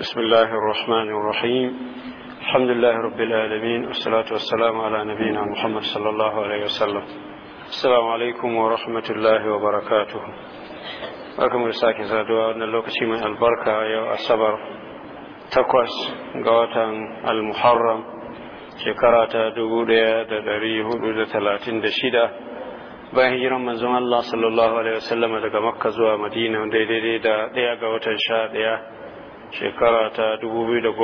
بسم الله الرحمن الرحيم الحمد لله رب العالمين والصلاة والسلام على نبينا محمد صلى الله عليه وسلم السلام عليكم ورحمة الله وبركاته أكمل ساكن سادة أن اللوكسي من البركة أيها الصبر تقوس قواتا المحرم شكرات دبودية دريه دولة ثلاثين دشيدة بهجرة من زمان الله صلى الله عليه وسلم دقى مكة مدينة ديديدا ديا قواتا شاديا shekara ta sha 2014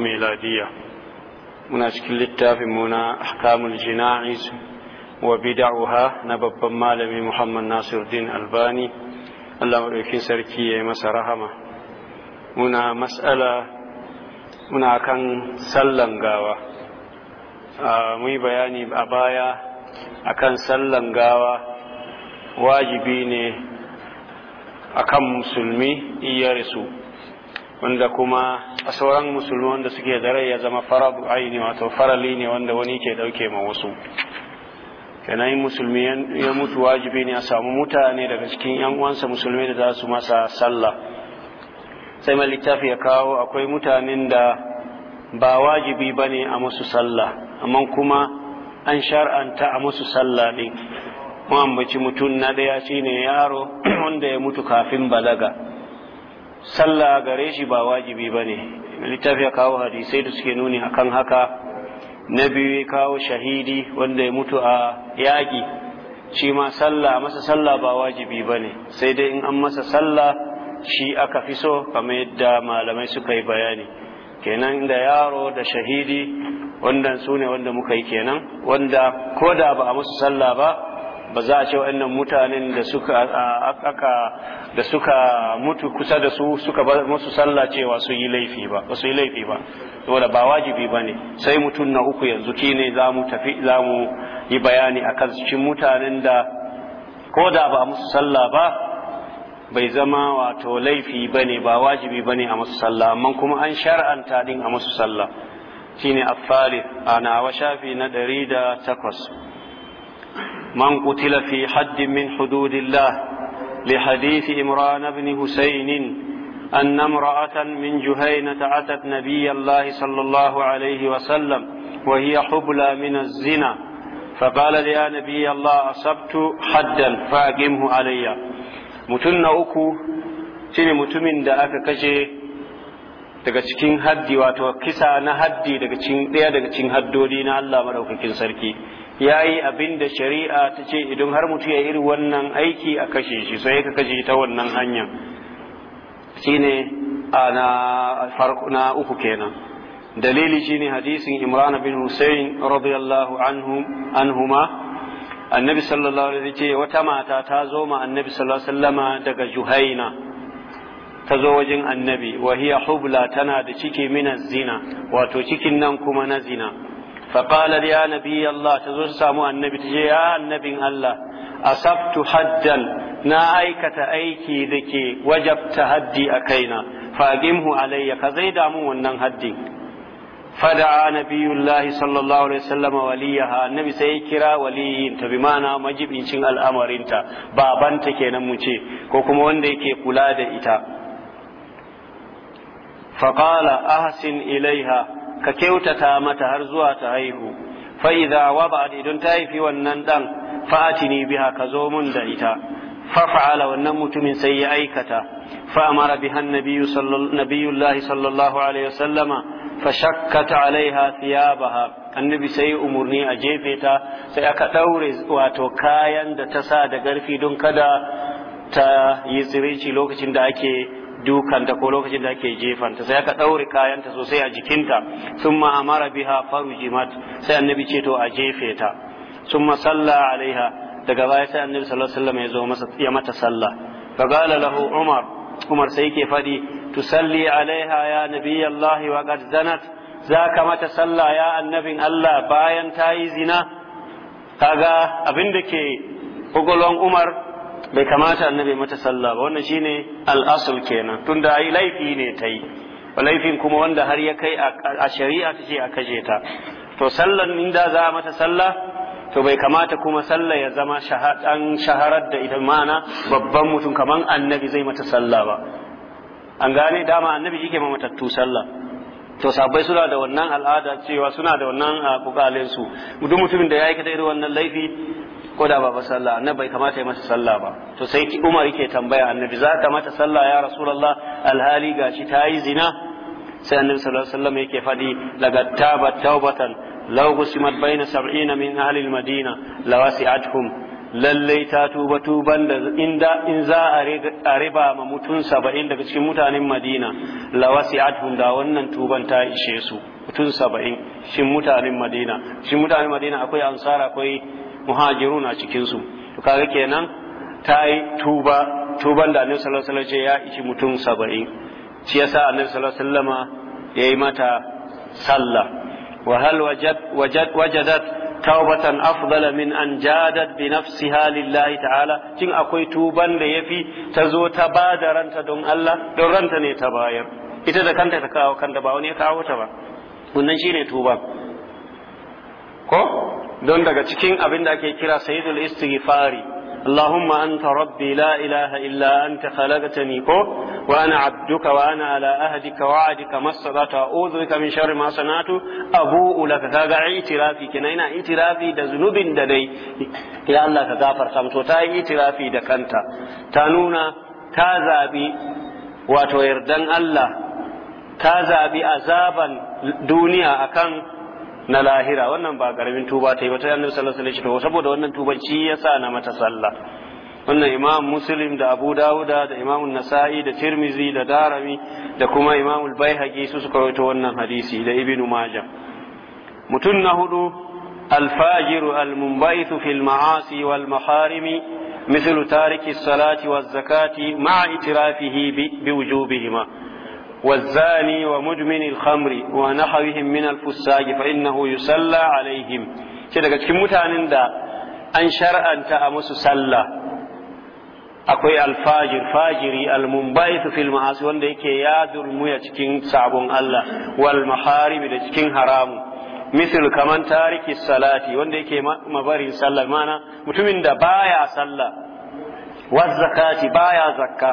miladiya muna cikin littafin mu na ahkamul jina'iz wa da'uha na babban malami Muhammad din Albani Allah madaukin sarki yayi masa rahama muna mas'ala muna kan sallan gawa mu yi bayani a baya akan sallan gawa wajibi ne akan musulmi iya rasu wanda kuma a sauran musulmi wanda suke da rai ya zama faradu aini wato farali ne wanda wani ke dauke ma wasu kenan musulmi ya mutu wajibi ne a samu mutane daga cikin yan uwansa musulmi da za su masa sallah sai mai littafi ya kawo akwai mutanen da ba wajibi ba ne a musu sallah amma kuma an shar'anta a musu sallah ɗin mu mutum na ɗaya shine yaro wanda ya mutu kafin balaga sallah gare shi ba wajibi ba ne littafi ya kawo hadisai da suke nuni akan haka na biyu ya kawo shahidi wanda ya mutu a yaƙi shi ma sallah masa sallah ba wajibi ba ne sai dai in an masa sallah shi aka fi so kamar yadda malamai suka yi bayani kenan da yaro da shahidi wanda su ne wanda muka yi kenan wanda ko da ba a musu sallah ba ba za a ce wa'annan mutanen da suka aka da suka mutu kusa da su suka bar musu sallah cewa su yi laifi ba ba su yi laifi ba saboda ba wajibi ba ne sai mutum na uku yanzu ki ne za mu tafi za mu yi bayani a kan cikin mutanen da ko da ba musu sallah ba bai zama wato laifi ba ba wajibi ba ne a musu sallah amma kuma an shar'anta din a musu sallah shine afali a nawa shafi na ɗari da takwas من قتل في حد من حدود الله لحديث إمران بن حسين أن امرأة من جهينة أتت نبي الله صلى الله عليه وسلم وهي حبلى من الزنا فقالت يا نبي الله أصبت حدا فأقمه علي متن أكو شنو متمن دا أكا كشي daga cikin haddi wato kisa na haddi daga cikin daya daga cikin haddodi na Allah madaukakin sarki ya yi abin da shari'a ta ce idan har mutu ya iri wannan aiki a kashe shi sai ya kashe ta wannan hanya shine a na uku kenan dalili shine hadisin imran bin hussein radiyallahu anhuma annabi sallallahu alaihi ce wata mata ta zo ma annabi sallallahu alaihi wasallama daga juhaina ta zo wajen annabi wa hiya hubla tana da ciki mina zina wato cikin nan kuma na zina فقالت يا نبي الله تزور سامو النبي تجي يا النبي الله أصبت حدا نا أيكة أيكي ذكي وجبت هدي أكينا فأقمه علي كزيد أمو ونن هدي فدعا نبي الله صلى الله عليه وسلم وليها النبي سيكرا ولي انت بمعنى مجب انشن الأمر انت بابنت كينا مجي كوكما وندي كي قلاد إتا فقال أحسن إليها ka kyautata mata har zuwa ta haihu fa idza idan ta haifi wannan dan fatini biha ka zo mun da ita fa fa'ala wannan mutumin sai ya aikata fa amara biha annabiyyu sallallahu sallallahu alaihi wasallama fa shakkata alaiha thiyabaha annabi sai umurni a jefe ta sai aka daure wato kayan da ta sa da garfi don kada ta yi tsirici lokacin da ake dukanta ko lokacin da ake jefanta sai aka ɗaure kayanta sosai a jikinta sun ma'amara biha jimat sai annabi ce to a jefe ta sun masalla alaiha daga baya sai annabi sallallahu alaihi ya zo ya mata sallah faqala lahu umar umar sai yake fadi tusalli alaiha ya nabiyallahi wa qad zanat zaka mata sallah ya annabin Allah bayan ta yi zina kaga abin da ke ugulon umar bai kamata annabi mata sallah ba wannan shine al'asul kenan tunda ai laifi ne ta yi laifin kuma wanda har ya kai a shari'a ta ce a kashe ta to sallan inda za a mata sallah to bai kamata kuma sallah ya zama shahadan shaharar da idan mana babban mutum kaman annabi zai mata sallah ba an gane dama annabi yake ma matattu sallah to sabai suna da wannan al'ada cewa suna da wannan a duk mutumin da ya aikata irin wannan laifi ko da ba sallah annabi bai kamata ya masa sallah ba to sai Umar yake tambaya annabi za ka mata sallah ya rasulullah alhali gashi ta yi zina sai annabi sallallahu alaihi wasallam yake fadi daga taba taubatan law gusimat baina sab'ina min ahli almadina lawasi'atuhum lallai ta tuba tuban da inda in za a riba ma mutum saba'in daga cikin mutanen madina lawasi'atuhum da wannan tuban ta ishe su mutum saba'in shin mutanen madina shin mutanen madina akwai ansara akwai muhajirun a cikin su to kaga kenan ta yi tuba tuban da annabi sallallahu alaihi wasallam ya ishi mutum 70 shi yasa annabi sallallahu alaihi wasallama yayi mata sallah wa hal wajad wajad wajadat tawbatan afdal min an jadat bi nafsiha lillahi ta'ala kin akwai tuban da yafi ta zo ta bada ranta don Allah don ranta ne ta bayar ita da kanta ta kawo kanta ba wani ya kawo ta ba wannan shine tuban ko don daga cikin abin da ake kira sayyidul istighfari اللهم أنت ربي لا إله إلا أنت خلقتني كو وأنا عبدك وأنا على أهدك وعدك ما استطعت أعوذ بك من شر ما صنعت أبوء لك كاغا اعترافي كنينا اعترافي دا ذنوب دا دي إلى الله كغافر سامتو تا اعترافي دا كنت تانونا تازابي واتو يردن الله تازابي عذابا دنيا أكن na lahira wannan ba karamin tuba ta yi ba ta annabi sallallahu shi to saboda wannan tuban shi yasa na mata sallah wannan imam muslim da abu dawuda da imam nasa'i da tirmizi da darami da kuma imam al su suka rawaito wannan hadisi da ibnu majah mutun na hudu الفاجر المنبعث في المعاصي والمحارم مثل تارك الصلاة والزكاة مع إترافه بوجوبهما wa khamri والزاني ومدمن الخمر ونحوهم من الفساق فإنه يسلى alaihim. كده daga cikin mutanen da an shar'anta a musu sallah akwai alfajir fajiri almunbaytu fil ma'asi wanda yake ya durmuya cikin sabon Allah wal maharib da cikin haramu misal kamar tariki salati wanda yake barin sallah mana mutumin da baya sallah waz zakati baya zakka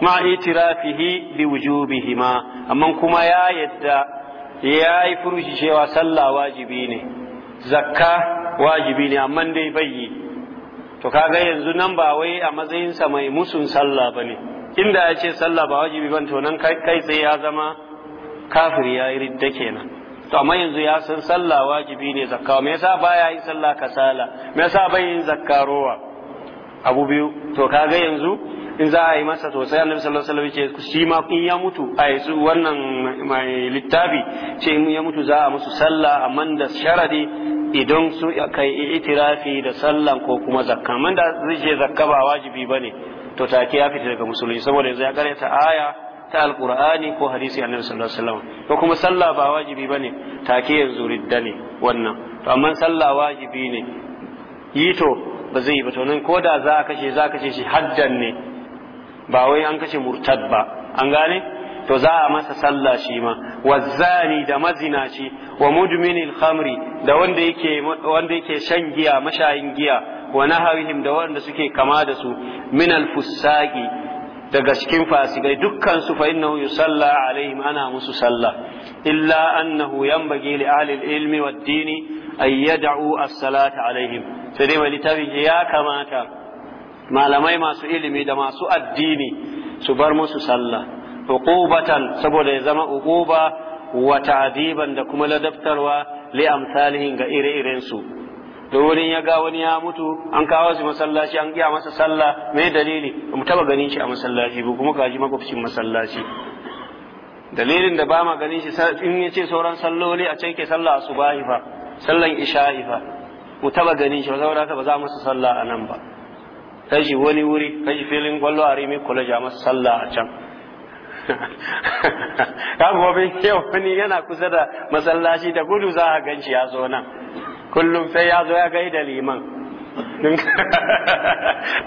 ma itirafihi bi wujubihima amma kuma ya yadda ya yi furuci cewa sallah wajibi ne zakka wajibi ne amma dai bai yi to kaga yanzu nan ba wai a matsayinsa mai musun sallah ba ne inda ya ce sallah ba wajibi ban to nan kai sai ya zama kafir ya yi ridda kenan to amma yanzu ya san sallah wajibi ne zakka me yasa baya yin sallah kasala me yasa bai yin zakkarowa abu biyu to kaga yanzu in za a yi masa to sai annabi sallallahu alaihi wasallam ce shi ma in ya mutu a su wannan mai littafi ce in ya mutu za a musu sallah amma da sharadi idan su kai itirafi da sallan ko kuma zakka man da zai ce zakka ba wajibi bane to take ya fita daga musulunci saboda yanzu ya karanta aya ta alqur'ani ko hadisi annabi sallallahu alaihi wasallam ko kuma sallah ba wajibi bane take yanzu ridda ne wannan to amma sallah wajibi ne yi to ba zai yi ba to nan ko da za a kashe za a kashe shi haddan ne ba wai an kashe murtad ba an gane to za a masa sallah shi ma wazzani da mazinaci wa mudminil khamri da wanda yake wanda yake shan giya mashayin giya wa nahawihim da wanda suke kama da su min al fusaqi daga cikin fasikai dukkan su fa innahu yusalla alaihim ana musu sallah illa annahu yanbaghi li ahli al ilmi wad dini ay yad'u as-salata alaihim sai dai littafin ya kamata malamai masu ilimi da masu addini su bar musu sallah hukubatan saboda ya zama hukuba wa ta'diban da kuma ladabtarwa li amsalihin ga ire-iren su da wurin ya ga wani ya mutu an kawo shi masallaci an giya masa sallah me dalili ba mu taba ganin shi a masallaci ba kuma kaji makwabcin masallaci dalilin da ba ma ganin shi in ya ce sauran salloli a can ke sallah asubahi fa sallan isha'i fa mu taba ganin shi ba saboda haka ba za mu sallah a nan ba kashi wani wuri kashi shi filin kwallo a rimi kula a masa sallah a can ka gobe yau wani yana kusa da masallaci da gudu za a ganci ya zo nan kullum sai ya zo ya gai da liman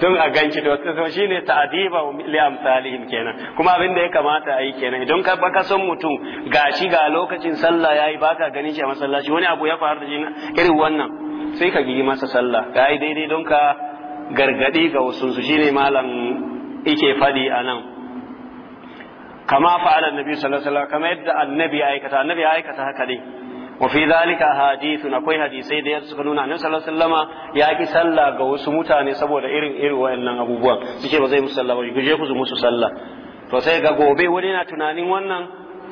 don a ganci da wasu shi ne ta'adiba li amsalihim kenan kuma abin da ya kamata a yi kenan idan ka baka son mutum gashi ga lokacin sallah yi baka ganin shi a masallaci wani abu ya faru da shi irin wannan sai ka gini masa sallah ka yi daidai don ka gargadi ga wasunsu shine malam ike fadi a nan kama fa'ala annabi sallallahu alaihi wasallam kama yadda annabi ya aikata annabi ya aikata haka ne wa fi zalika hadithun akwai hadisai da suka nuna annabi sallallahu alaihi wasallam ya ki salla ga wasu mutane saboda irin irin wayannan abubuwan suke ba zai musu sallah ba guje ku musu sallah to sai ga gobe wani na tunanin wannan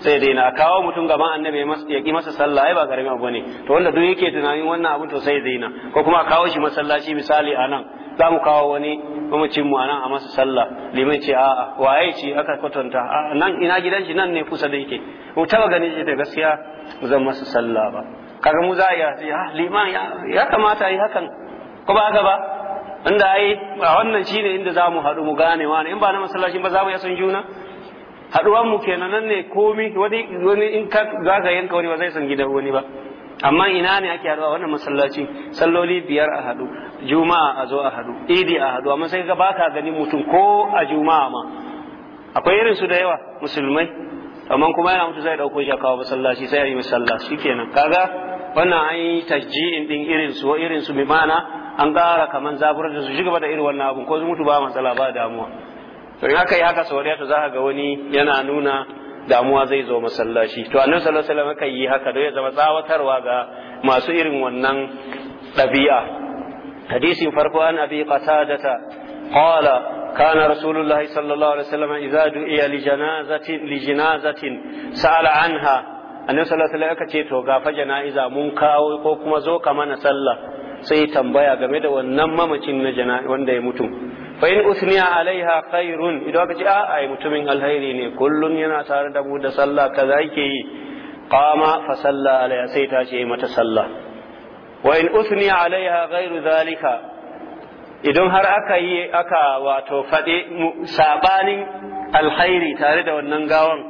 sai dai na kawo mutum gaban annabi ya ki masa sallah ai ba garin abu ne to wanda duk yake tunanin wannan abun to sai dai na ko kuma kawo shi masallaci misali anan za mu kawo wani mamacin mu anan a masa sallah liman ce a'a waye ce aka kwatanta nan ina gidan shi nan ne kusa da yake mu taba gani shi da gaskiya zan masa sallah ba kaga mu za ya ce ah, liman ya kamata yi hakan ko ba haka ba inda ai a wannan shine inda za mu haɗu mu gane wani in ba na masallaci ba za mu san juna haɗuwan mu kenan nan ne komi wani in ka za ka yanka wani ba zai san gidan wani ba amma ina ne ake haɗuwa wannan masallaci salloli biyar a haɗu juma'a a zo a haɗu idi a haɗu amma sai ga baka gani mutum ko a juma'a ma akwai irin su da yawa musulmai amma kuma yana mutu zai dauko shi a kawo masallaci sai a yi masallaci kenan kaga wannan an yi tajji'in din irin su irin su bi ma'ana an ƙara kaman zaburar da su shiga gaba da irin wannan abun ko su mutu ba matsala ba damuwa to in aka yi haka sauriya to za ka ga wani yana nuna damuwa zai zo masallaci to annabi sallallahu alaihi wasallam kan yi haka don ya zama tsawatarwa ga masu irin wannan ɗabi'a hadisin farko an abi ta qala كان رسول الله صلى الله عليه وسلم إذا دعي لجنازة لجنازة سأل عنها annabi sallallahu alaihi wasallam ce to ga fa jana'iza mun kawo ko kuma zo ka mana sallah sai tambaya game da wannan mamacin na wanda ya mutu fa in usniya alaiha khairun idan aka ce a ai mutumin alhairi ne kullum yana tare da mu da sallah kaza yake yi qama fa salla alaiha sai ta ce mata sallah wa in usniya alaiha ghairu zalika idan har aka yi aka wato fade sabanin alkhairi tare da wannan gawan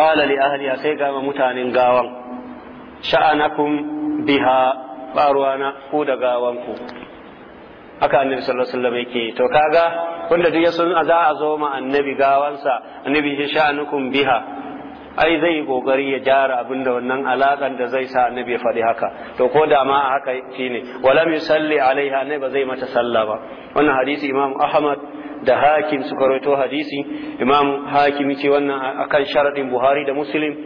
qala li ahliha sai ga mutanen gawan sha'anakum biha baruwana ku da gawanku haka annabi sallallahu alaihi wasallam yake to kaga wanda duk ya san za a zo ma annabi gawansa annabi ya sha'anukum biha ai zai yi kokari ya jara abinda wannan alakan da zai sa annabi ya faɗi haka to ko da ma haka shine walam yusalli alaiha ne ba zai mata sallah ba wannan hadisi imam ahmad da hakim suka rawaito hadisi imam hakim ce wannan akan sharadin buhari da muslim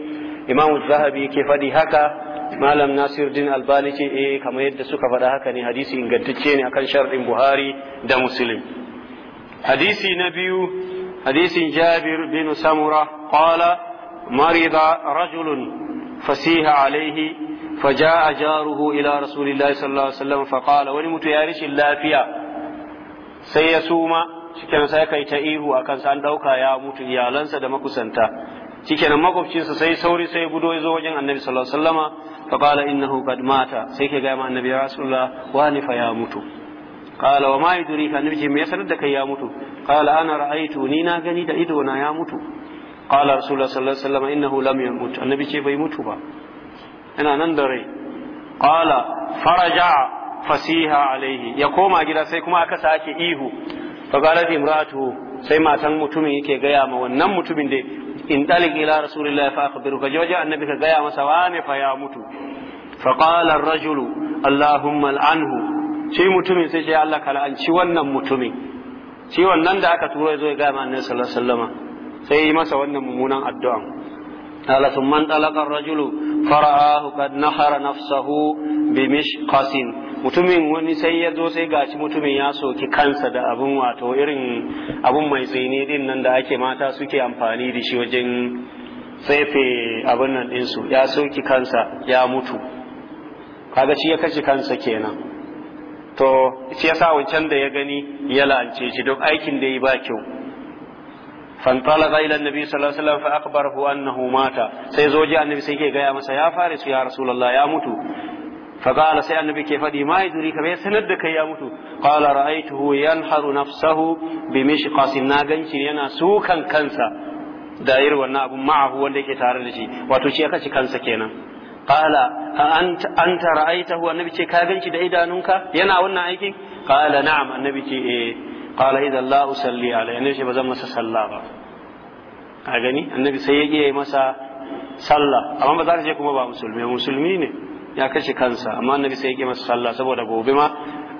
imam zahabi yake faɗi haka Malam Nasiruddin Albani ce e kamar yadda suka faɗa haka ne hadisi ingantacce ni akan sharɗin Buhari da Muslim. Hadisi na biyu hadisin Jabir bin Samura qala marida rajulun fasiha alaihi faja'a jaruhu ila Rasulillahi sallallahu alaihi wasallam faqala wani mutu ya rashin lafiya sai ya suma shikenan sai kai ta ihu akan sa an dauka ya mutu iyalansa da makusanta shikenan sa sai sauri sai gudo ya zo wajen annabi sallallahu alaihi wasallama fa qala innahu qad mata sai ke ga ma annabi ya rasulullah wa ni fa ya mutu qala wa ma yudrika annabi ce me ya sanar da kai ya mutu qala ana ra'aytu ni na gani da ido na ya mutu qala rasulullah sallallahu alaihi wasallama innahu lam yamut annabi ce bai mutu ba ina nan da rai qala faraja fasiha alaihi ya koma gida sai kuma aka sake ihu fa qalat imratu sai matan mutumin yake gaya ma wannan mutumin dai in talik ila rasulillahi fa akhbiru ka wajen annabi ka gaya masa wane fa ya mutu fa qala ar-rajulu allahumma al'anhu shi mutumin sai ce Allah ka la'anci wannan mutumin shi wannan da aka turo zo ya gaya ma annabi sallallahu alaihi wasallam sai yi masa wannan mummunan addu'a قال ثم انطلق الرجل فرآه قد نحر نفسه بمشقس mutumin wani sai ya zo sai gashi mutumin ya soki kansa da abun wato irin abun mai tsini din nan da ake mata suke amfani da shi wajen tsefe abin nan ɗinsu ya soki kansa ya mutu kaga shi ya kashe kansa kenan to shi yasa wancan da ya gani ya la'ance shi duk aikin da yi ba kyau فانطلق الى nabi sallallahu alaihi wasallam fa فاخبره annahu mata sai zo ji annabi sai ke gaya masa ya fare su ya rasulullah ya mutu فقال سي النبي كيف دي ما يدري كما سند دك يا متو قال رايته ينحر نفسه بمشقاس ناغنش yana sukan kansa da irin wannan abun ma'ahu wanda yake tare da shi wato shi aka ci kansa kenan qala anta anta ra'aitahu annabi ce ka ganci da idanunka yana wannan aikin qala na'am annabi ce eh qala idan la usalli alai annabi ce ba zan masa sallah ba a gani annabi sai ya yi masa sallah amma ba za ta je kuma ba musulmi musulmi ne ya kashe kansa amma annabi sai ya masa sallah saboda gobe ma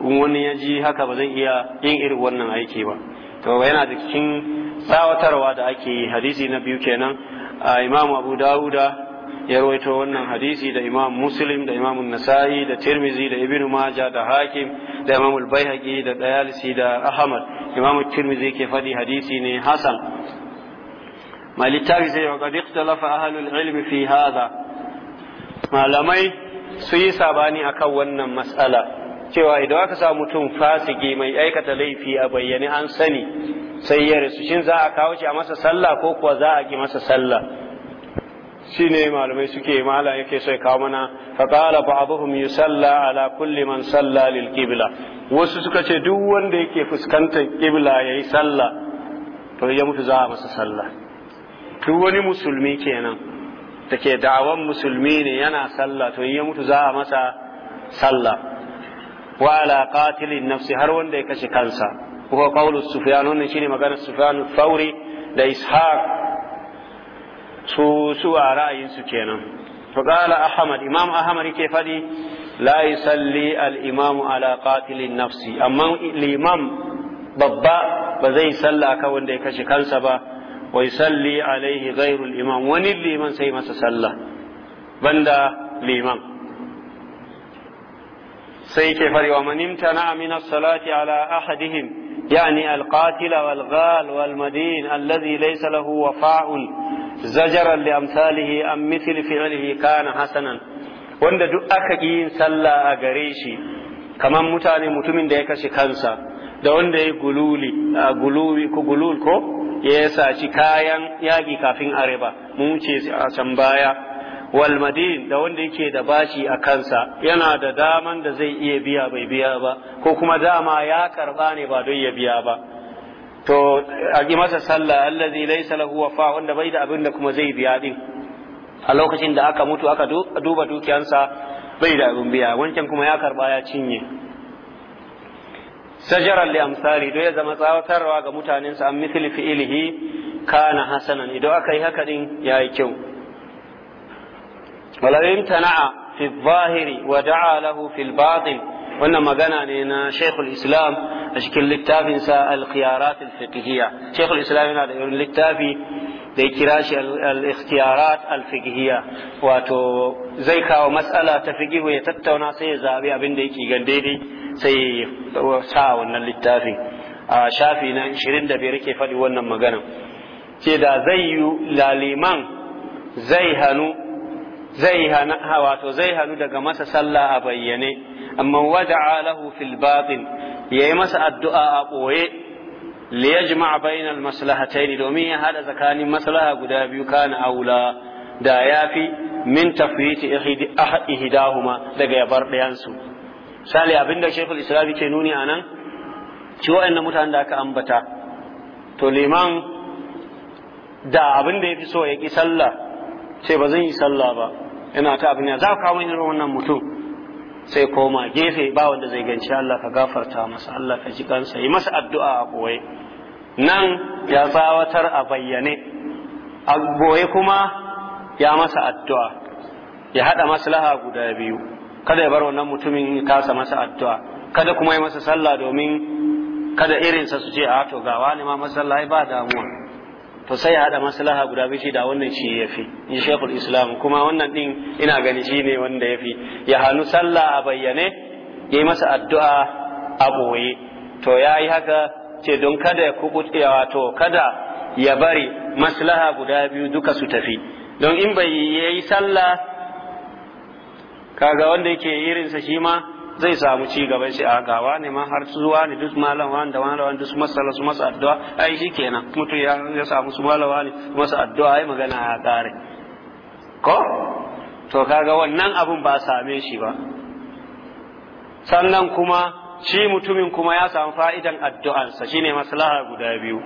in wani ya ji haka ba zai iya yin irin wannan aiki ba to yana da cikin tsawatarwa da ake yi hadisi na biyu kenan imamu abu dauda ya rawaito wannan hadisi da imam muslim da imam nasa'i da tirmizi da ibn maja da hakim da imam al da dayalisi da ahmad imam tirmizi ke fadi hadisi ne hasan ma littafi sai wa qad ahlul ilmi fi hadha malamai su yi sabani akan wannan matsala cewa idan aka sa mutum fasige mai aikata laifi a bayyane an sani sai ya rasu shin za a kawo shi a masa sallah ko kuwa za a ki masa sallah Shi ne malamai suke mala yake so ya kawo mana fa qala ba'dhum yusalla ala kulli man salla lil qibla wasu suka ce duk wanda yake fuskantar qibla yayi sallah to ya mutu za a masa sallah duk wani musulmi kenan da ke da'awan musulmi ne yana sallah to in ya mutu za a masa sallah wa ala qatilin nafsi har wanda ya kashe kansa ko qawlu sufyan wannan shine maganar sufyan fauri da ishaq su su a ra'ayin su kenan to qala ahmad imam ahmad yake fadi la yusalli al imam ala qatilin nafsi amma limam babba ba zai sallah ka wanda ya kashe kansa ba Wai salli alaihi ghairul imam wani liman sai masa sallah banda liman sai ke farewa manimta na aminar salati ala ahadihim يعني القاتل والغال والمدين الذي ليس له وفاء زجرا لأمثاله أم مثل فعله كان حسنا وند دؤك إن Sallah أغريشي gare متاني متمن ديك mutumin da wanda ya gululi a gululi ko gulul ko ya saci kayan yaƙi kafin a mu mun ce a can baya Walmadin da wanda yake da bashi a kansa yana da daman da zai iya biya bai biya ba ko kuma dama ya karba ne ba don ya biya ba to a masa sallah allazi laysa lahu wafa wanda bai da abin da kuma zai biya din a lokacin da aka mutu aka duba dukiyansa bai da abin biya wancan kuma ya karba ya cinye sajaran li amsali do ya zama tsawatarwa ga mutanensa an mithli fi'ilihi kana hasanan idan aka yi haka din yayi kyau walarin tana'a fi zahiri wa da'a lahu fil batin wannan magana ne na Sheikhul Islam a cikin littafinsa al-khiyarat al-fiqhiyya Sheikhul Islam yana da irin littafi da ya kira shi al-ikhtiyarat al-fiqhiyya wato zai kawo matsala ta fiqhu ya tattauna sai ya zabi abin da yake gan daidai sai sa wannan littafin a shafi na 25 ke faɗi wannan magana ce da zai yi laliman zai hannu zai wato zai hannu daga masa sallah a bayyane amma wada lahu fil ya yayi masa addu'a a boye li yajma' bayna al maslahatayn domin ya hada tsakanin maslaha guda biyu kana aula da yafi min tafwiti ihdahuma daga yabar ɗayansu. sale abinda shekul islami ke nuni a nan ci wa'annan mutanen da aka ambata to liman da abin da ya fi so ya ƙi sallah sai ba zan yi sallah ba yana ta abin ya za ka kawo irin wannan mutum sai koma gefe ba wanda zai ganci Allah ka gafarta masa Allah ka ji kansa yi masa addu'a a boye nan ya tsawatar a bayyane a goye kuma ya masa addu'a ya haɗa maslaha guda biyu kada ya bar wannan mutumin ya kasa masa addu'a kada kuma ya masa sallah domin kada irinsa su ce a to ga wani ma masallaci ba damuwa to sai ya hada maslaha guda biyu da wannan shi yafi in shekul islam kuma wannan din ina gani ne wanda yafi ya hannu sallah a bayyane ya masa addu'a a boye to ya yi haka ce don kada ya kubuce wato kada ya bari maslaha guda biyu duka su tafi don in bai yi sallah kaga wanda yake irinsa shi ma zai samu ci gaban shi a gawa ne ma har zuwa ne duk malama da wani duk su masala su masa addu'a ai shi kenan mutu ya samu su wani ne masa addu'a ai magana ya kare ko to kaga wannan abun ba same shi ba sannan kuma shi mutumin kuma ya samu fa'idan addu'ansa shine maslaha guda biyu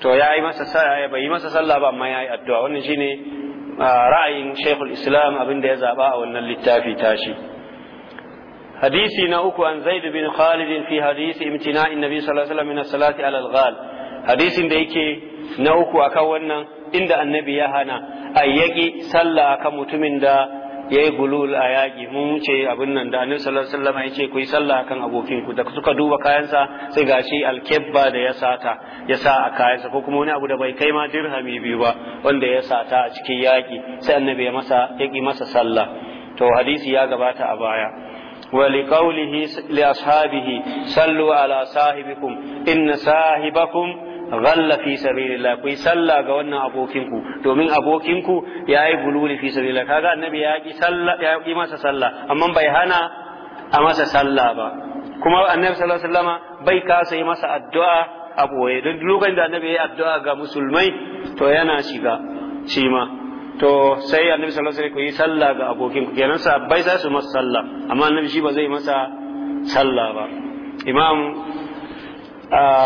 to ya yi masa bai yi masa sallah ba amma ya yi addu'a wannan shine ra'ayin shaykhul islam abinda ya zaba a wannan littafi tashi hadisi na uku an zaid bin khalid fi hadisi imtina'in nabi sallallahu alaihi wasallam min salati al-ghal hadisin da yake na uku akan wannan inda annabi ya hana ayyaki sallah akan mutumin da ya yi gulul a yaƙi mu wuce abin nan da annabi sallallahu ya ce ku yi sallah kan abokinku da suka duba kayansa sai ga shi alkebba da ya sata ya sa a kayansa ko kuma wani abu da bai kai ma dirhami biyu ba wanda ya sata a cikin yaƙi sai annabi ya masa ya ƙi masa sallah to hadisi ya gabata a baya ولقوله لأصحابه صلوا على صاحبكم إن صاحبكم ghalla fi sabilillah ku yi sallah ga wannan abokinku domin abokinku ya yi gululi fi sabilillah kaga annabi ya ki sallah ya yi masa sallah amma bai hana a masa sallah ba kuma annabi sallallahu alaihi wasallama bai kasa yi masa addu'a a boye don lokacin da annabi ya yi addu'a ga musulmai to yana shiga shi ma to sai annabi sallallahu alaihi wasallam ku yi sallah ga abokinku kenan bai sai su masa sallah amma annabi shi ba zai masa sallah ba imam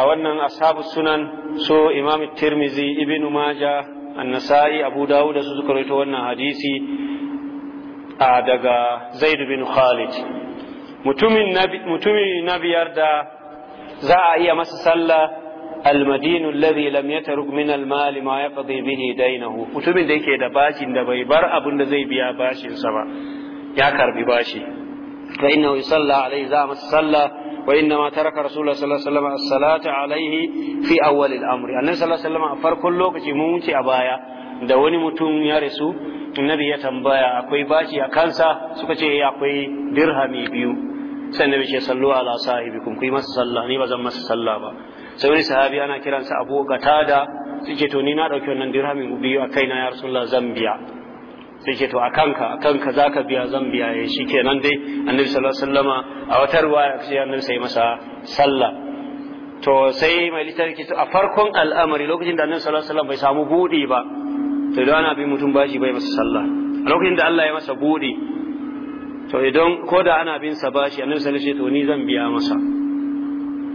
wannan ashabu sunan so imam tirmizi ibn maja annasai abu dawud da su suka rawaito wannan hadisi A daga zaid bin khalid mutumin na biyar da za a iya masa sallah المدين الذي لم يترك من المال ما يقضي به دينه mutumin da yake da bashin da bai bar abin da zai biya bashin sa ba ya karbi bashi fa innahu yusalla alaihi za masa sallah وإنما ترك رسول الله صلى الله عليه وسلم الصلاة عليه في أول الأمر النبي صلى الله عليه وسلم farkon lokaci mun wuce a baya da wani mutum ya rasu annabi ya tambaya akwai bashi a kansa suka ce akwai dirhami biyu sai annabi ce sallu ala sahibikum ku yi masa sallah ni ba zan masa sallah ba sai wani sahabi ana kiransa abokata da suke to ni na ɗauki wannan dirhamin biyu a kaina ya rasulullah zan biya sai ce to a kanka a kanka za ka biya zan biya ya eh, shi kenan dai annabi sallallahu alaihi wasallama a wata ruwaya sai annabi sai masa sallah to sai mai litar ki a farkon al'amari lokacin da annabi sallallahu alaihi wasallam bai samu buɗe ba to idan ana bi mutum bashi bai masa sallah a lokacin da Allah ya masa buɗe to idan ko da ana bin sa bashi annabi sallallahu alaihi wasallam to ni zan biya masa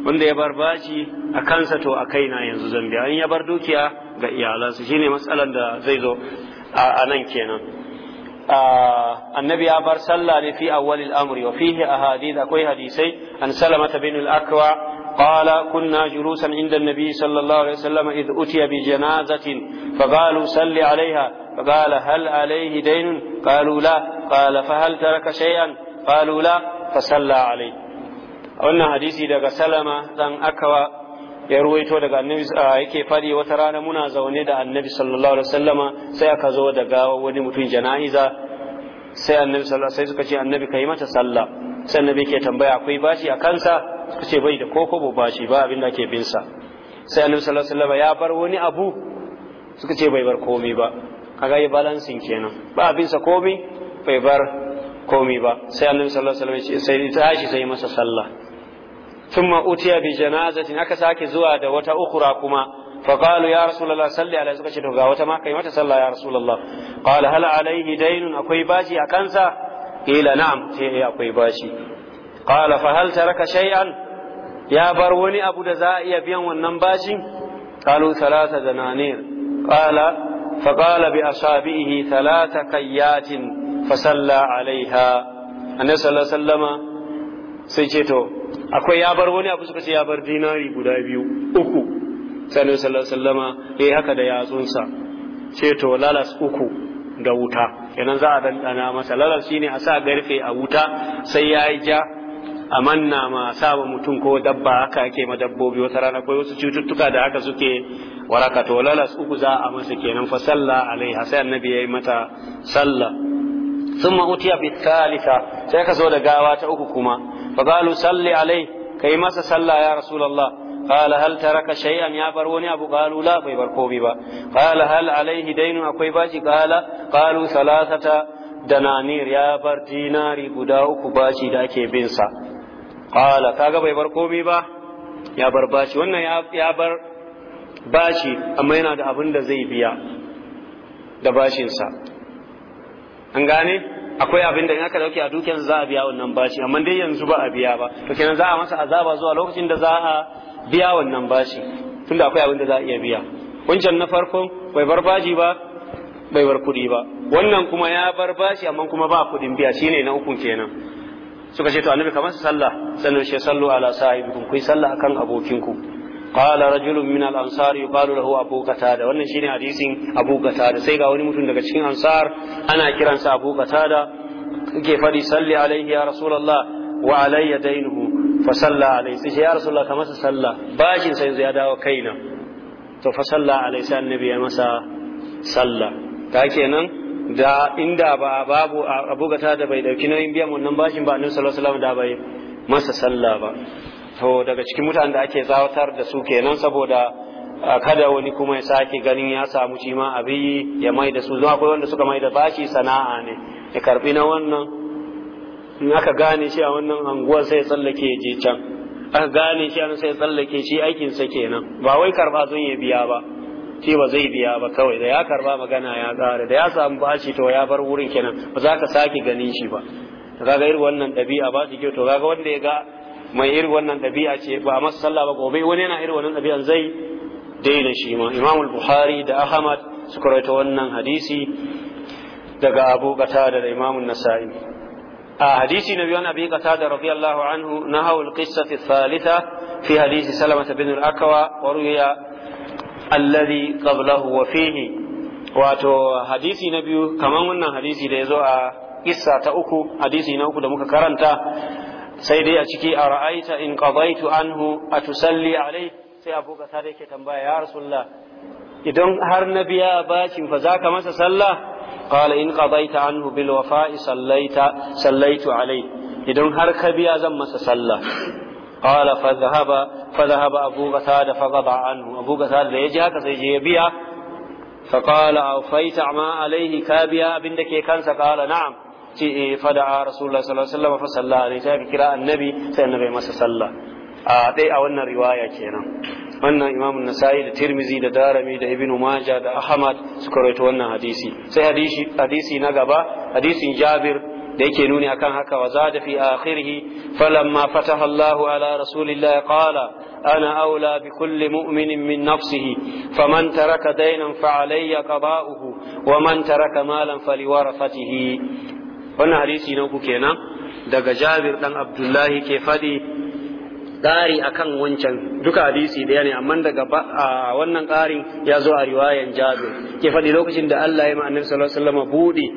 wanda ya bar bashi a kansa to a kaina yanzu zan biya in ya bar dukiya ga iyalansa shine matsalan da zai zo a nan kenan annabi ya bar sallah ne fi awwalil amri wa fihi ahadith akwai hadisai an salamata bin al-akwa قال كنا جلوسا عند النبي صلى الله عليه وسلم إذ أتي بجنازة فقالوا سل عليها فقال هل عليه دين قالوا لا قال فهل ترك شيئا قالوا لا فسلى عليه قلنا حديثي دقى سلمة دان أكوى ya ruwaito daga annabi yake fadi wata rana muna zaune da annabi sallallahu alaihi wasallama sai aka zo daga wani mutum jana'iza sai annabi sallallahu sai suka ce annabi kai mata sallah sai annabi ke tambaya akwai bashi a kansa suka ce bai da koko ba bashi ba abin da ke bin sa sai annabi sallallahu alaihi wasallama ya bar wani abu suka ce bai bar komai ba kaga yi balancing kenan ba abin sa komai bai bar komai ba sai annabi sallallahu alaihi wasallama sai ta tashi sai masa sallah thumma utiya bi janazatin aka sake zuwa da wata ukura kuma فقالوا يا رسول الله صلى على زكاة دوغا وتا ما كاي متى صلى يا رسول الله قال هل عليه دين اكوي باشي اكنسا قيل نعم تي اكوي باشي قال فهل ترك شيئا يا بروني ابو دزا يا بيان wannan bashin قالوا ثلاثه دنانير قال فقال باصابعه ثلاث كيات فصلى عليها النبي صلى الله عليه وسلم sai ce to akwai ya bar wani abu suka ce ya bar dinari guda biyu uku sannan sallallahu sallama ya eh, haka da yatsunsa ce to lalas uku da wuta kenan za a dandana masa lalas shine a sa garfe a wuta sai ya yi ja a manna ma sawa mutum ko dabba haka ake ma dabbobi wata rana akwai wasu cututtuka da haka suke waraka to lalas uku za a masa kenan fa sallah alaiha sai annabi yayi mata sallah thumma utiya bi thalitha sai ka zo da gawa ta uku kuma فقالوا صل عليه كي مس صلى يا رسول الله قال هل ترك شيئا يا بروني ابو قالوا لا بي بركوبي با قال هل عليه دين أكوي باشي قال قالوا ثلاثه دنانير يا بر ديناري قداو كباشي داكي بينسا قال كاغا بي بركوبي با يا بر باشي وانا ya بر باشي أما ينا دا أبن دا zai biya da bashin sa an gane akwai abin da in aka dauke a dukiyar za a biya wannan bashi amma dai yanzu ba a biya ba to kenan za a masa azaba zuwa lokacin da za a biya wannan bashi tunda akwai abin da za a iya biya wancan na farkon bai bar baji ba bai bar kuɗi ba wannan kuma ya bar bashi amma kuma ba kuɗin biya shine na uku kenan suka ce to annabi kamar sallah sannan shi sallu ala sahibikum kuyi sallah akan abokinku qala rajulun min al ansar yuqalu lahu abu wannan shine hadisin abu qatada sai ga wani mutum daga cikin ansar ana kiransa abu qatada yake fadi salli alaihi ya rasulullah wa alayya dainuhu fa salla alaihi sai ya rasulullah ka masa salla bashin sai yanzu ya dawo kaina to fa salla alaihi sai annabi ya masa salla ka kenan da inda ba babu abu qatada bai dauki nauyin biyan wannan bashin ba annabi sallallahu alaihi wasallam da bai masa salla ba to daga cikin mutanen da ake zawatar da su kenan saboda kada wani kuma ya sake ganin ya samu shi ma abi ya mai da su zuwa akwai wanda suka mai da bashi sana'a ne ya karbi na wannan in aka gane shi a wannan anguwar sai ya tsallake je can aka gane shi a sai tsallake shi aikin sa kenan ba wai karba zan ya biya ba shi ba zai biya ba kawai da ya karba magana ya tsare da ya samu bashi to ya bar wurin kenan ba za ka sake ganin shi ba kaga irin wannan dabi'a ba su to kaga wanda ya ga mai irin wannan ɗabi'a ce ba a masa sallah ba gobe wani yana irin wannan ɗabi'an zai daina shi ma imam buhari da ahmad suka rawaita wannan hadisi daga abu qatada da imam nasa'i a hadisi na biyu an abi qatada radiyallahu anhu na al-qissah ath-thalitha fi hadisi salamah bin al-akwa wa ruya alladhi qablahu wa fihi wato hadisi na biyu kaman wannan hadisi da yazo a kissa ta uku hadisi na uku da muka karanta sai dai a ciki a ra'aita in qadaitu anhu a atusalli alai sai Abu da yake tambaya ya Rasulullah idan har na biya bakin fa zaka masa sallah qala in qadaita anhu bil wafa'i sallaita sallaitu alai idan har ka biya zan masa sallah fa قال فذهب فذهب أبو قتادة فقضى عنه أبو قتادة يجي هكذا يجي يبيع فقال أوفيت ما عليه كابيا بندك كنس قال na'am. ce eh fada'a kira annabi sai annabi masa sallah a dai wannan riwaya kenan wannan imamu nasa'i da tirmizi da darami da ibn maja da ahmad suka rawaito wannan hadisi sai hadisi na gaba hadisin jabir da yake nuni akan haka wa zada fi akhirih falamma fataha Allahu ala rasulillahi qala ana aula bi kulli mu'minin min nafsihi faman taraka daynan fa alayya qada'uhu wa man malam malan faliwarathatihi wannan hadisi naku kenan daga jabir dan abdullahi ke faɗi ƙari akan wancan duka hadisi ɗaya ne amma daga wannan ƙarin ya zo a riwayan jabir ke faɗi lokacin da Allah ya ma annabi sallallahu alaihi wasallam buɗe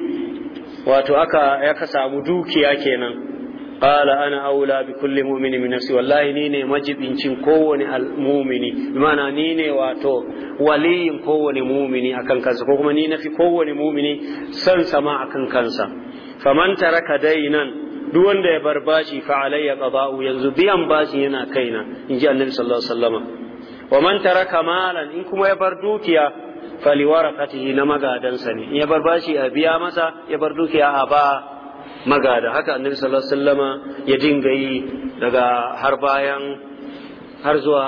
wato aka ya ka samu dukiya kenan qala ana aula bi kulli mu'minin min nafsi wallahi ni ne majibincin kowane mu'mini bimana ni ne wato waliyin kowane mu'mini akan kansa ko kuma ni nafi kowane mu'mini san sama akan kansa faman taraka dainan duk wanda ya bar bashi fa alayya qada'u yanzu biyan bashi yana kaina inji annabi sallallahu alaihi wasallam wa man taraka malan in kuma ya bar dukiya faliwarakatihi na magadansa ne in ya bar bashi a biya masa ya bar dukiya a ba magada haka annabi sallallahu alaihi wasallama ya dinga yi daga har bayan har zuwa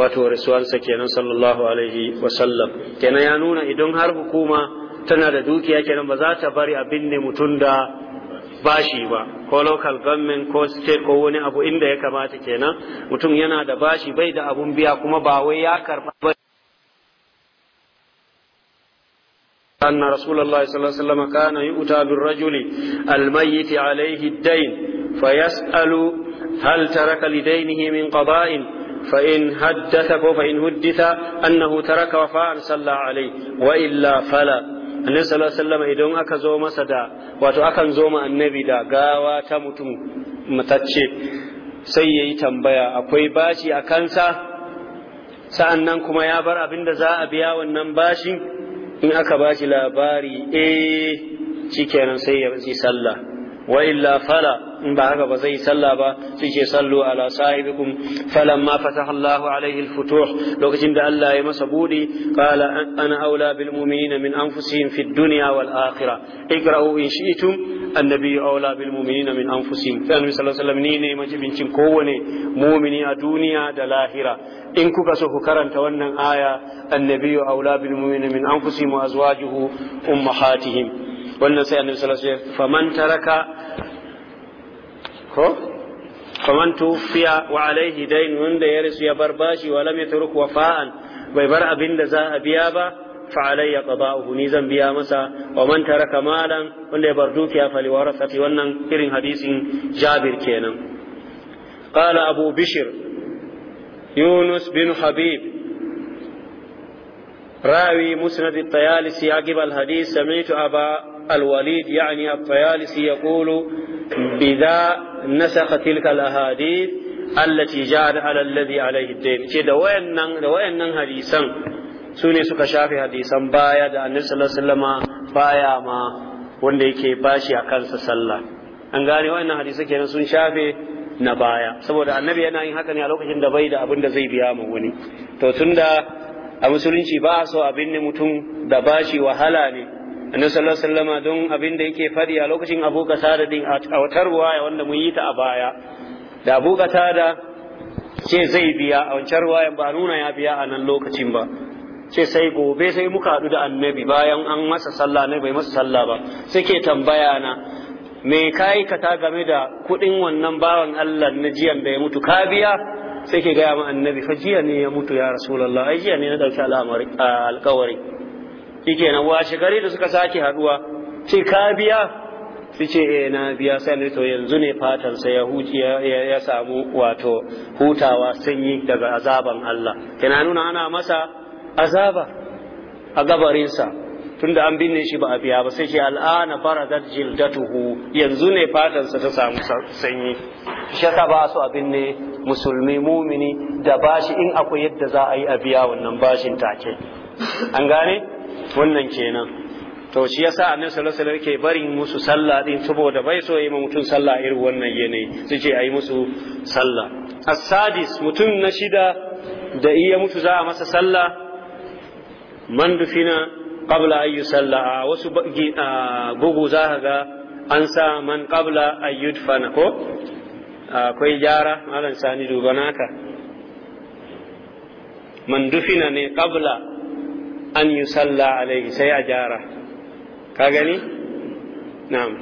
wato rasuwansa kenan sallallahu alaihi wasallam kenan ya nuna idan har hukuma tana da dukiya kenan ba za ta bari abin ne mutum da bashi ba ko local government ko state ko wani abu inda ya kamata kenan mutum yana da bashi bai da abun biya kuma ba wai ya karba ba anna rasulullahi sallallahu alaihi wasallam kana yu'ta bil rajuli al mayyit alayhi ad-dayn fa yas'alu hal taraka lidaynihi min qada'in فإن حدثك فإن حدث أنه ترك وفاء صلى عليه وإلا annabi sallallahu alaihi wasallam idan aka zo masa da wato akan zo ma annabi da gawa ta mutum matacce sai yayi tambaya akwai bashi a kansa sa'annan kuma ya bar abin da za a biya wannan bashin in aka bashi labari eh shikenan sai ya yi sallah wa illa fala in ba haka ba zai salla ba sai ce sallu ala sahibikum falamma fataha Allahu alaihi al-futuh lokacin da Allah ya masa budi qala ana aula bil mu'minina min anfusihim fid dunya wal akhirah iqra'u in shi'tum annabi aula bil mu'minina min anfusihim fa annabi sallallahu alaihi wasallam ne majibincin kowane mu'mini a duniya da lahira in kuka so ku karanta wannan aya annabi aula bil mu'minina min anfusihim wa azwajuhu ummahatihim قلنا سيد النبي صلى الله عليه وسلم فمن ترك هو فمن توفي وعليه دين من ديرس يا برباشي ولم يترك وفاء ويبرأ بن ذهب يابا فعلي قضاءه نيزا بيامسا ومن ترك مالا ولي بردوك يا فلورثتي ونن كرين حديث جابر كينا قال ابو بشر يونس بن حبيب راوي مسند الطيالسي عقب الحديث سمعت ابا الوليد يعني الطيالسي يقول بذا نسخ تلك الأحاديث التي جاءت على الذي عليه الدين شيء دوينن دوينن حديثا سوني suka shafe hadisan baya da annabi sallallahu baya ma wanda yake bashi a kansa sallah an gane wayannan hadisai kenan sun shafe na baya saboda annabi yana yin haka ne a lokacin da bai da abin da zai biya mu wani to tunda a musulunci ba so abin ne mutum da bashi wahala ne annabi sallallahu alaihi wasallama don abin da yake fadi a lokacin Abu Qatada din a tawatar ruwaya wanda mun yi ta a baya da Abu da ce zai biya a wancan ruwayan ba nuna ya biya a nan lokacin ba ce sai gobe sai muka hadu da annabi bayan an masa sallah ne bai masa sallah ba Sai ke tambaya na me kai ka ta game da kuɗin wannan bawan Allah na jiyan da ya mutu ka biya sai ke gaya ma annabi fa jiya ne ya mutu ya rasulullah ai jiya ne na ɗauki alƙawari shikenan washe gari da suka sake haduwa ce ka biya su ce eh na biya sai to yanzu ne fatan sa ya ya samu wato hutawa sanyi daga azaban Allah yana nuna ana masa azaba a gabarinsa tunda an binne shi ba a biya ba sai ce al'ana da jildatuhu yanzu ne fatansa ta samu sanyi shi yasa ba su a binne musulmi mumini da bashi in akwai yadda za a yi a biya wannan bashin take an gane wannan kenan to shi yasa annabi sallallahu alaihi wasallam yake barin musu sallah din saboda bai so yi mutum sallah irin wannan yanayi su ce ayi musu sallah as-sadis mutum na shida da iya mutu za a masa sallah man dufina qabla sallah yusalla wasu bugu za ga an sa man qabla an fana ko akwai gyara malam sani duba naka man dufina ne qabla an yi sallah alaihi sai a gyara ka gani na'am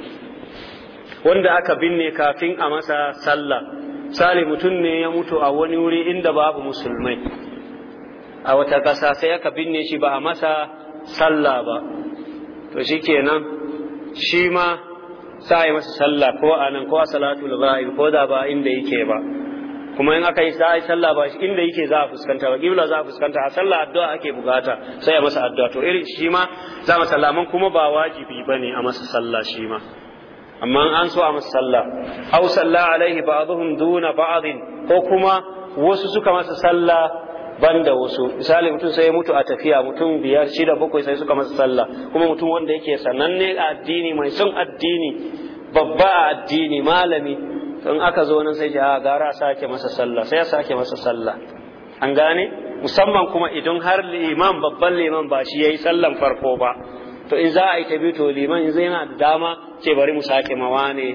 wanda aka binne kafin a masa sallah sali mutum ne ya mutu a wani wuri inda babu musulmai a wata ƙasa sai aka binne shi ba a masa salla ba to shi kenan shi ma sa yi masa sallah ko a nan ko a salatu ba'in ko da ba inda yake ba kuma in aka yi sa'a sallah ba inda yake za a fuskanta ba kibla za a fuskanta a sallah addu'a ake bukata sai a masa addu'a to irin shi ma za mu sallaman kuma ba wajibi bane a masa sallah shi ma amma an so a masa sallah aw sallah alaihi ba'dhum duna ba'dhin ko kuma wasu suka masa sallah banda wasu misali mutum sai ya mutu a tafiya mutum biyar shida bakwai sai suka masa sallah kuma mutum wanda yake sananne a addini mai son addini babba a addini malami in aka zo nan sai ji a ah, gara a sake masa sallah sai a sake masa sallah an gane musamman kuma idan har liman babban liman ba shi yayi sallan farko ba to in za a yi tabito to liman in zai yana da dama ce bari mu sake mawane ne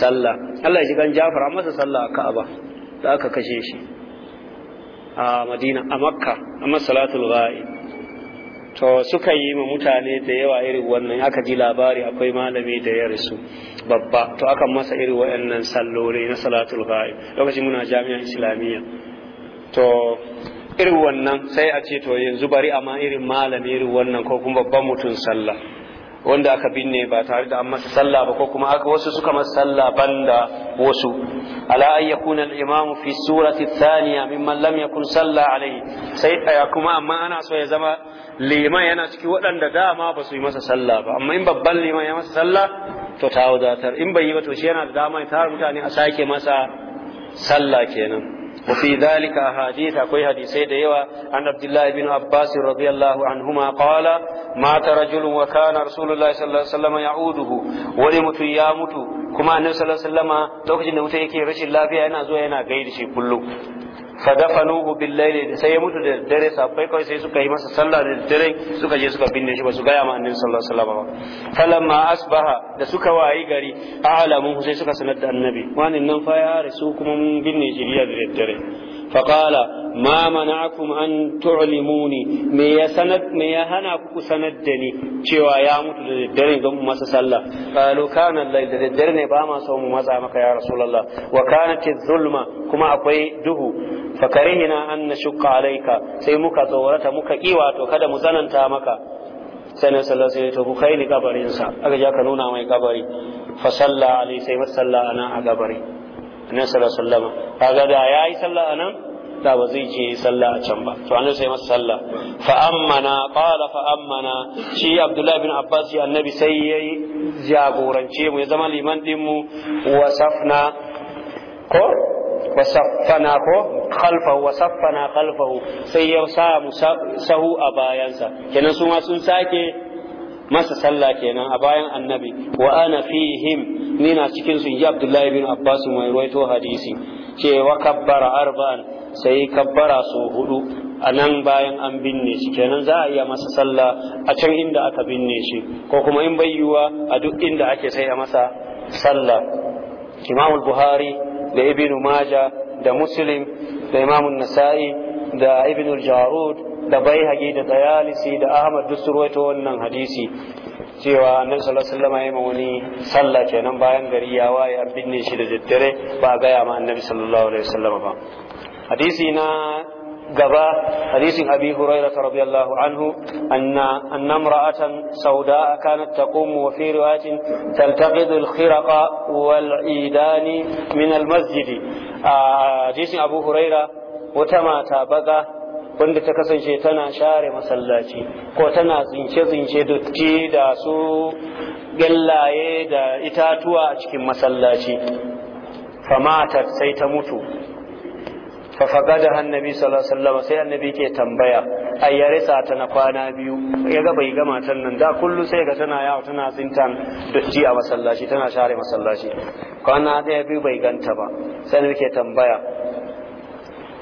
sallah Allah ya ji kan Jafar a masa sallah a Ka'aba da aka kashe shi a Madina a Makka a masallatul ghaib to suka yi ma mutane da yawa irin wannan aka ji labari akwai malami da ya rasu babba to akan masa irin waɗannan salloli na salatul ghaib lokacin muna jami'an islamiyya to irin wannan sai a ce to yanzu bari amma irin malami irin wannan ko kuma babban mutum sallah wanda aka binne ba tare da an masa sallah ba ko kuma aka wasu suka masa sallah banda wasu ala an yakuna al-imam fi surati thaniya mimman lam yakun salla alayhi sai kuma amma ana so ya zama liman yana ciki waɗanda dama ba su yi masa sallah ba amma in babban liman ya masa sallah to ta wadatar in bai yi ba to shi yana da dama ya tara mutane a sake masa sallah kenan وفي ذلك أحاديث أكوي حديثي ديوة عن عبد الله بن عباس رضي الله عنهما قال مات رجل وكان رسول الله صلى الله عليه وسلم يعوده ولمت يامت كما أنه صلى الله عليه وسلم لوكجن da wuta yake rashin lafiya yana zuwa yana gaida shi kullum fadafanuhu billaili sai ya mutu da dare sabai kawai sai suka yi masa sallah da dare suka je suka binne shi ba su gaya ma annabi sallallahu alaihi wasallam ba falamma asbaha da suka wayi gari a'lamu sai suka sanar da annabi wani nan fa ya rasu kuma mun binne shi da dare فقال ما منعكم أن تعلموني مي سند مي هناك سندني cewa ya mutu da daddare don masa sallah qalu so mu matsa maka ya rasulullah wa zulma kuma akwai duhu fa karihina an sai muka tsorata muka kada mu maka na sallah sai kai ni aka ja ka nuna mai kabari fa salla alai sai ana a kabari annabi sallallahu alaihi wasallam kaga da yayi sallah anan da ba zai je sallah a can ba to annabi sai masa sallah fa ammana qala fa ammana shi abdullahi bin abbas shi annabi sai yayi jagorance mu ya zama liman din mu safna ko wasaffana ko khalfahu wasaffana khalfahu sai ya sa mu sahu a bayansa kenan su ma sun sake masa sallah kenan a bayan annabi wa ana fihim ni na cikin su inji abdullahi bin abbas mai ruwaito hadisi ce wa kabbara arba'an sai kabbara su hudu a nan bayan an binne shi kenan za a iya masa sallah a can inda aka binne shi ko kuma in bai yiwuwa a duk inda ake sai a masa sallah imamul buhari da ibnu maja da muslim da imamun nasa'i da ibnu jarud da bai Hagi da tayalisi da ahmad duk surwaito wannan hadisi cewa annabi sallallahu alaihi wasallam yayin wani sallah kenan bayan gari ya waye an binne shi da daddare ba ga ya ma annabi sallallahu alaihi wasallam ba hadisi na gaba hadisin abi hurairah radiyallahu anhu anna anna imra'atan sauda kanat taqumu wa fi riwayatin taltaqidu al-khiraqa wal idani min al-masjid ah, hadisin abu hurairah wata mata baga wanda ta kasance tana share masallaci ko tana zince-zince dotti da su gallaye da itatuwa a cikin masallaci famatar sai ta mutu fafagada annabi sallallahu alaihi wasallam sai annabi ke tambaya a sa ta na kwana biyu ya ga bai gama tan nan da kullu sai ga tana yawo tana zintan dotti a masallaci tana share masallaci kwana daya biyu bai ganta ba sai annabi ke tambaya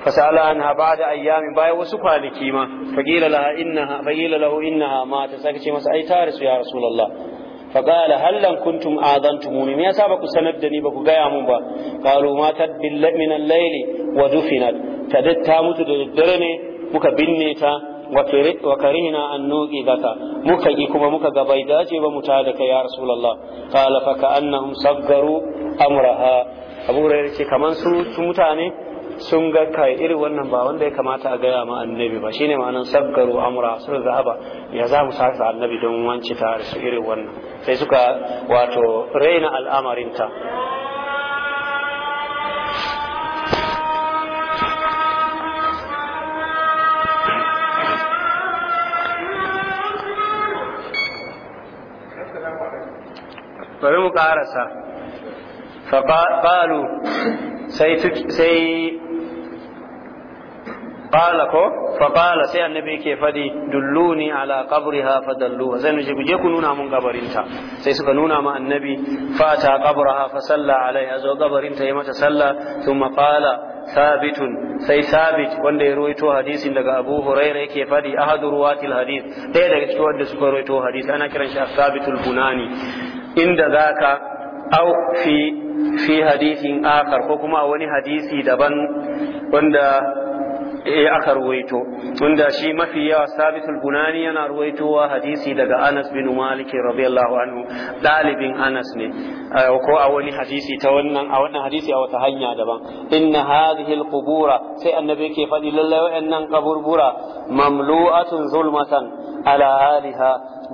فسأل عنها بعد أيام باي وسكالي كيما فقيل لها إنها فقيل له إنها ما تسكتي مسأي تارس يا رسول الله فقال هل لن كنتم آذنتموني ما سابق سندني بكو قيام با قالوا ماتت من الليل ودفنت تدت تامت ددرني muka binne ta wa karihna an nuqi daka muka yi kuma muka ga bai dace ba mu ta da kai ya rasulullah qala fa ka annahum saggaru amraha abu hurairah ce kaman su mutane sun ga kai irin wannan ba wanda ya kamata a gaya ma annabi ba shine ma'anan sabgaru amra sun ga ba ya za mu saka annabi don wance ta su irin wannan sai suka wato raina al'amarinta bari mu karasa fa qalu sai sai qala ko fa qala sai annabi yake fadi dulluni ala qabriha fadallu sai nace ku je ku nuna mun gabarinta sai suka nuna ma annabi fa ta qabraha fa salla alaiha zo gabarinta ya mata salla thumma qala sabitun sai sabit wanda ya ruwaito hadisin daga abu huraira yake fadi ahadu ruwatil hadis ɗaya daga cikin wanda suka ruwaito hadis ana kiran shi sabitul bunani inda zaka au fi fi hadisin akar ko kuma wani hadisi daban wanda eh aka ruwaito tunda shi mafi yawa sabitul bunani yana ruwaitowa hadisi daga Anas bin Malik radiyallahu anhu dalibin Anas ne eh, ko a wani hadisi ta wannan a wannan hadisi a wata hanya daban inna hadhihi alqubura sai annabi ke faɗi lallai wayannan kaburbura mamlu'atun zulmatan ala aliha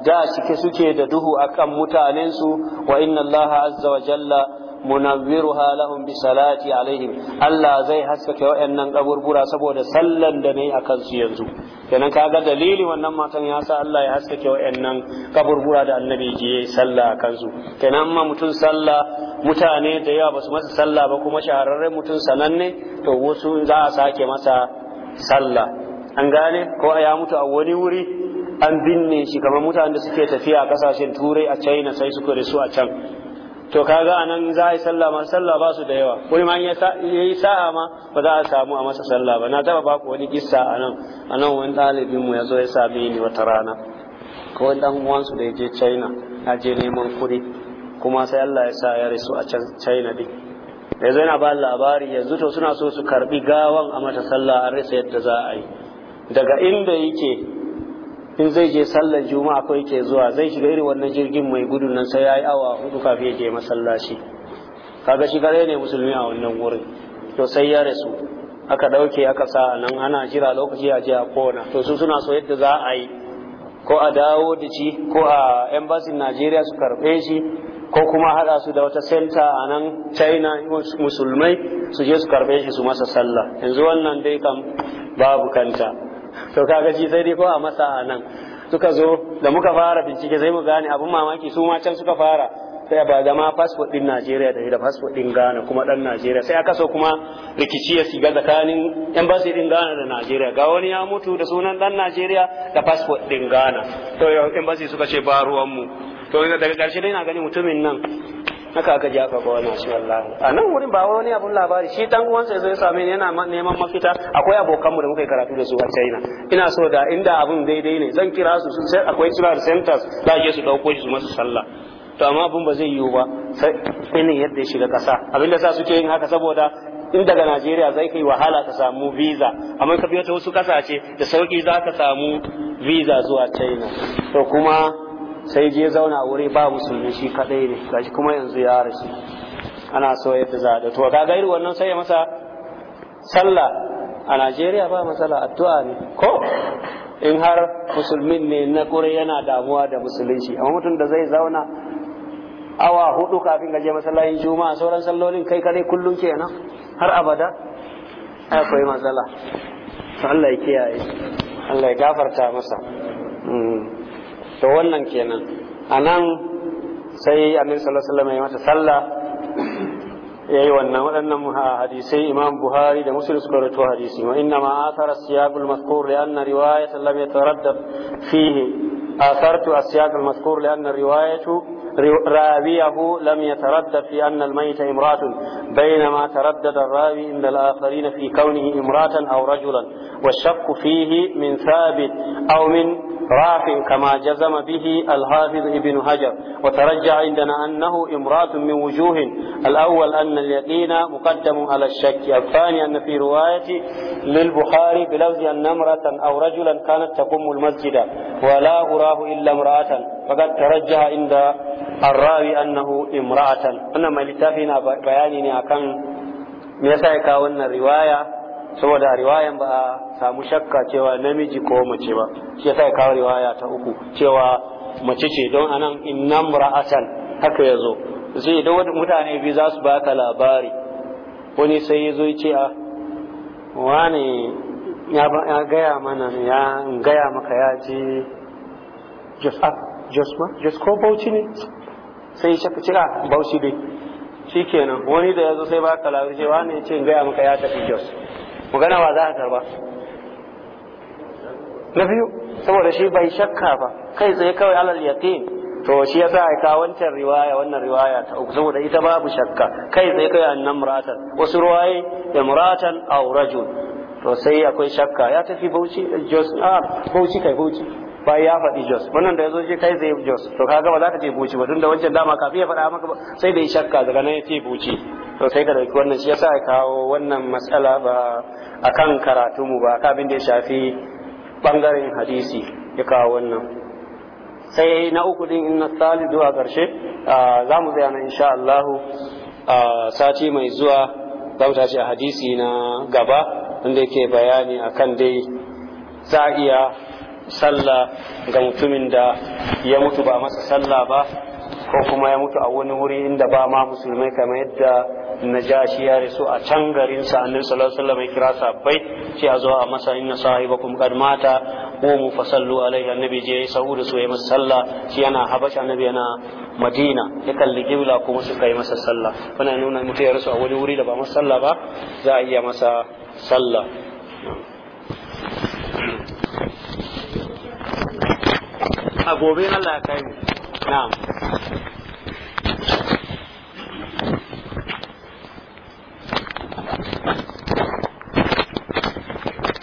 da cike suke da duhu akan mutanensu wa inna Allaha azza wa jalla munazziruha lahum bi salati alaihim Allah zai haskake wayannan kaburbura saboda sallan da nayi akan su yanzu kenan kaga dalili wannan matan ya sa Allah ya haskake wayannan kaburbura da annabi ji sallah akan su kenan ma mutun sallah mutane da yawa basu masa sallah ba kuma shahararren mutun sananne to wasu za a sake masa salla. an gane ko ya mutu a wani wuri an binne shi kamar mutanen da suke tafiya a kasashen turai a china sai suka rasu a can to kaga anan za a yi sallah ma sallah ba su da yawa wani ma ya yi sa'a ma ba za a samu a masa sallah ba na taba baku wani kissa anan anan wani ɗalibin mu ya zo ya same ni wata rana ko wani dan uwansu da ya je China ya je neman kuɗi kuma sai Allah ya sa ya rasu a can China din zo yana ba labari yanzu to suna so su karɓi gawan a mata sallah an rasa yadda za a yi daga inda yake in zai je sallar juma'a ko yake zuwa zai shiga irin wannan jirgin mai gudun nan sai yayi awa hudu kafin ya je masallaci kaga shi kare ne musulmi a wannan wurin to sai ya rasu aka dauke aka sa nan ana jira lokaci a je a kona to su suna so yadda za a yi ko a dawo da shi ko a embassy Najeriya su karbe shi ko kuma haɗa su da wata senta a nan china musulmai su je su karɓe shi su masa sallah yanzu wannan dai kam babu kanta to kaga shi sai dai ko a masa a nan suka zo da muka fara bincike sai mu gane abun mamaki su ma can suka fara sai ba zama fasfot din Najeriya da da fasfot din Ghana kuma dan Najeriya sai aka so kuma rikici ya shiga tsakanin embassy din Ghana da Najeriya ga wani ya mutu da sunan dan Najeriya da fasfot din Ghana to embassy suka ce ba ruwan mu to daga ƙarshe dai na gani mutumin nan haka aka ji aka bawa nasu wallahi a nan wurin ba wani abun labari shi dan uwansa zai same ni yana neman mafita akwai abokan mu da muka karatu da su a China ina so da inda abun daidai ne zan kira su sai akwai China centers za je su dauko shi su masa sallah to amma abun ba zai yiwu ba sai ne yadda ya shiga kasa abinda sa suke yin haka saboda in daga Najeriya zai kai wahala ka samu visa amma ka biyo ta wasu kasashe da sauki za ka samu visa zuwa China to kuma sai je zauna wuri ba musulmi shi kadai ne gashi kuma yanzu ya rasu ana so yadda za a to kaga gairu wannan sai ya masa sallah a Najeriya ba masala addu'a ne ko in har musulmin ne na kure yana damuwa da musulunci amma mutum da zai zauna awa hudu kafin gaje masallacin juma'a sauran sallolin kai kadai kullum kenan har abada akwai matsala Allah ya kiyaye Allah ya gafarta masa hmm. to wannan kenan anan sai annabi sallallahu alaihi wasallam ya yi salla yayi wannan wadannan hadisi imam buhari da muslim suka rawaito hadisi wa inna ma athara siyaqul mazkur li anna riwayat lam yataraddad fihi athartu as mazkur li anna riwayatu راويه لم يتردد في أن الميت امرأة بينما تردد الراوي عند الآخرين في كونه امرأة أو رجلا والشك فيه من ثابت أو من راف كما جزم به الحافظ ابن حجر وترجع عندنا أنه امرأة من وجوه الأول أن اليقين مقدم على الشك الثاني أن في رواية للبخاري بلوز أن امرأة أو رجلا كانت تقوم المسجد ولا أراه إلا امرأة فقد ترجع عند الراوي أنه امرأة أنا ما لتافينا بياني أكن ميسا وأن الرواية saboda riwayan ba a samu shakka cewa namiji ko mace ba shi yasa ya kawo riwaya ta uku cewa mace ce don anan innam ra'atan haka ya zo sai idan wani mutane biyu za su baka labari wani sai ya zo ya ce a wani ya gaya mana ya gaya maka ya ji jos ah, jos ko bauchi ne sai ya ce a ah, bauchi dai shikenan wani da ya zo sai baka labari ce wani ya ce gaya maka ya tafi jos magana ba za a karba na biyu saboda shi bai shakka ba kai tsaye kawai alal yaqin to shi yasa ai ka wancan riwaya wannan riwaya ta uku saboda ita babu shakka kai tsaye kawai annan muratan wasu ruwaye da muratan aw rajul to sai akwai shakka ya tafi bauchi jos a ah, bauchi kai bauchi bayan ya faɗi jos wannan da ya zo shi kai zai jos to kaga ba za ka ce buci ba tunda wancan dama kafin ya faɗa maka sai da ya shakka daga nan ya ce buci to sai ka dauki wannan shi yasa ya kawo wannan matsala ba akan karatu mu ba kafin abin da ya shafi bangaren hadisi ya kawo wannan sai na uku din inna salidu a karshe za mu tsaya na insha Allah sati mai zuwa za mu tashi a hadisi na gaba wanda yake bayani akan dai za iya sallah ga mutumin da ya mutu ba masa sallah ba ko kuma ya mutu a wani wuri inda ba ma musulmai kamar yadda najashi ya rasu a can garin sa annabi sallallahu alaihi wasallam ya kira sabbai ce a zo a masa inna sahibakum qad mata mu fasallu alaihi annabi je sahudu su yi masa sallah shi yana habasha annabi yana madina ya kalli kibla kuma su yi masa sallah wannan nuna mutai ya rasu a wani wuri da ba masa sallah ba za a iya masa sallah a gobe Allah ya kai Thank you.